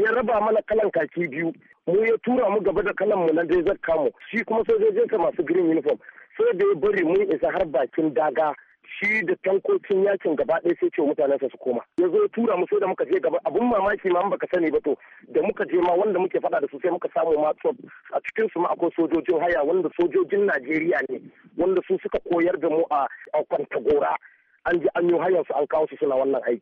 ya raba mana kalan kaki biyu mu ya tura mu gaba da kalan mu na desert mu shi kuma sojojinsa masu green uniform sai da ya bari mun isa har bakin daga shi da tankokin yakin gaba ɗaya sai ce sa su koma ya zo tura mu sai da muka je gaba abun mamaki ma baka sani ba to da muka je ma wanda muke faɗa da su sai muka samu ma a cikin su ma akwai sojojin haya wanda sojojin Najeriya ne wanda su suka koyar da mu a kwantagora an ji an yi hayar su an kawo su suna wannan aiki